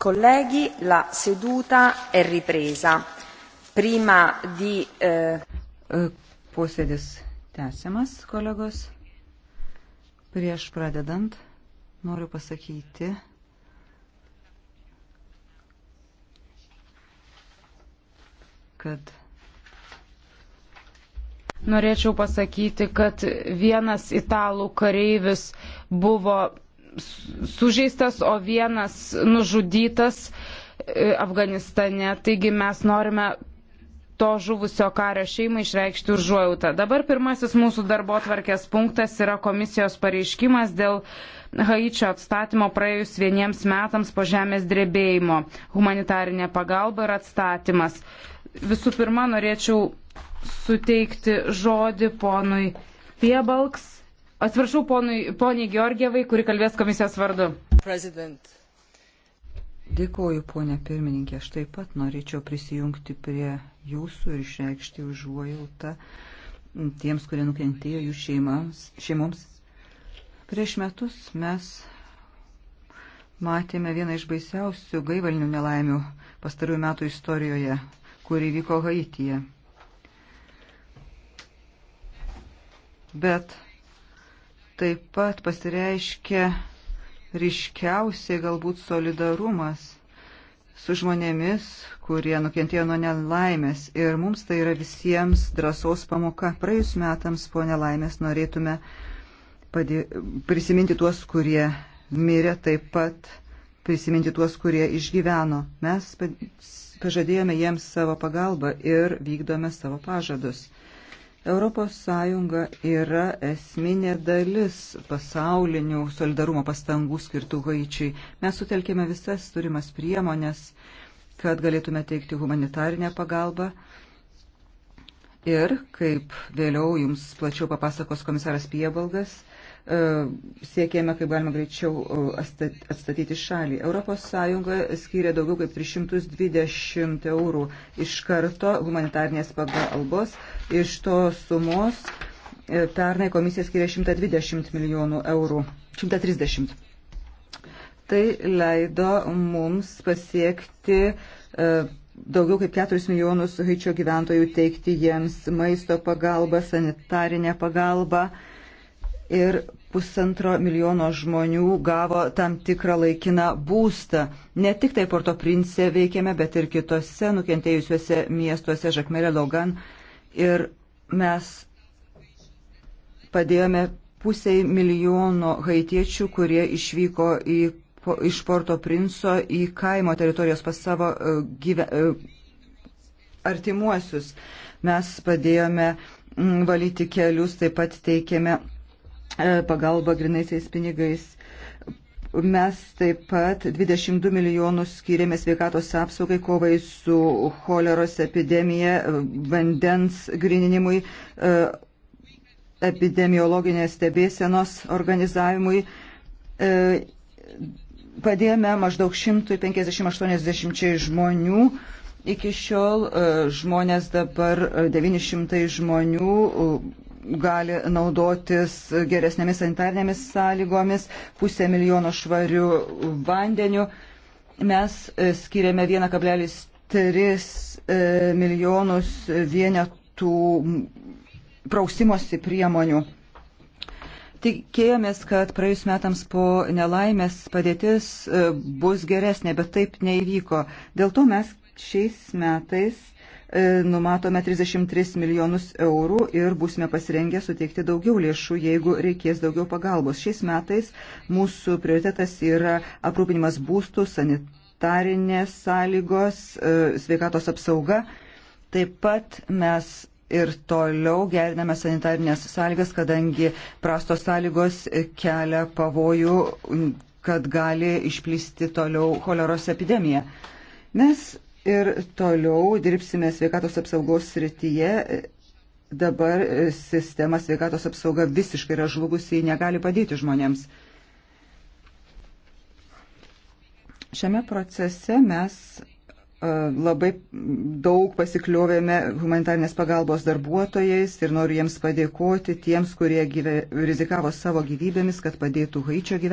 Colleghi, la seduta è ripresa. Prima di... Eh... E, posėdis tęsiamas, kolegos. Prieš pradedant noriu pasakyti, kad Norėčiau pasakyti, kad vienas italų kareivis buvo sužeistas, o vienas nužudytas e, Afganistane. Taigi mes norime to žuvusio kario šeimai išreikšti užuojautą. Dabar pirmasis mūsų darbo tvarkės punktas yra komisijos pareiškimas dėl Haičio atstatymo praėjus vieniems metams po žemės drebėjimo. Humanitarinė pagalba ir atstatymas. Visų pirma, norėčiau suteikti žodį ponui Piebalks. Atsiprašau ponui, poniai Georgievai, kuri kalbės komisijos vardu. President. Dėkoju, ponė pirmininkė. Aš taip pat norėčiau prisijungti prie jūsų ir išreikšti užuojautą tiems, kurie nukentėjo jų šeimams, šeimoms. Prieš metus mes matėme vieną iš baisiausių gaivalinių nelaimių pastarųjų metų istorijoje, kuri vyko Haityje. Bet taip pat pasireiškia ryškiausiai galbūt solidarumas su žmonėmis, kurie nukentėjo nuo nelaimės. Ir mums tai yra visiems drąsos pamoka. Praėjus metams po nelaimės norėtume padė... prisiminti tuos, kurie mirė, taip pat prisiminti tuos, kurie išgyveno. Mes pažadėjome jiems savo pagalbą ir vykdome savo pažadus. ES yra esminė dalis pasaulinių solidarumo pastangų skirtų Haičiai. Mes sutelkėme visas turimas priemonės, kad galėtume teikti humanitarinę pagalbą. Ir, kaip vėliau jums plačiau papasakos komisaras Piebalgas, E, siekėme, kaip galima greičiau e, atstatyti šalį. ES skyrė daugiau kaip 320 eurų iš karto humanitarnės pagalbos. Iš tos sumos e, pernai komisija skyrė 120 milijonų eurų. 130. Tai leido mums pasiekti daugiau kaip 4 milijonus haičio gyventojų teikti jiems maisto pagalbą, sanitarinę pagalbą ir pusantro milijono žmonių gavo tam tikrą laikiną būstą. Ne tik tai Porto Prince veikėme, bet ir kitose nukentėjusiuose miestuose Žakmelė Logan. Ir mes padėjome pusiai milijono haitiečių, kurie išvyko į, po, iš Porto Princo į kaimo teritorijos pas savo uh, gyve, uh, artimuosius. Mes padėjome mm, valyti kelius, taip pat teikėme E, pagalba grinaisiais pinigais. Mes taip pat 22 milijonus skiriame sveikatos apsaugai, kovai su choleros epidemija, e, vandens grininimui, e, epidemiologinės stebėsenos organizavimui. Padėjome maždaug 150-80 žmonių. Iki šiol žmonės dabar 900 žmonių gali naudotis geresnėmis sanitarnėmis sąlygomis, pusę milijono švarių vandenių. Mes e, skiriame 1,3 e, milijonus vienetų prausimosi priemonių. Tikėjomės, kad praėjus metams po nelaimės padėtis e, bus geresnė, bet taip neįvyko. Dėl to mes šiais metais E, numatome 33 milijonus eurų ir būsime pasirengę suteikti daugiau lėšų, jeigu reikės daugiau pagalbos. Šiais metais mūsų prioritetas yra aprūpinimas būstų, sanitarinės sąlygos, e, sveikatos apsauga. Taip pat mes ir toliau geriname sanitarinės sąlygas, kadangi prastos sąlygos kelia pavojų, kad gali išplisti toliau choleros epidemija. Mes ir toliau dirbsime sveikatos apsaugos srityje. Dabar sistema sveikatos apsauga visiškai yra žlugusi, ji negali padėti žmonėms. Šiame procese mes e, labai daug pasikliovėme humanitarnės pagalbos darbuotojais ir noriu jiems padėkoti tiems, kurie gyve, rizikavo savo gyvybėmis, kad padėtų Haičio gyvenimui.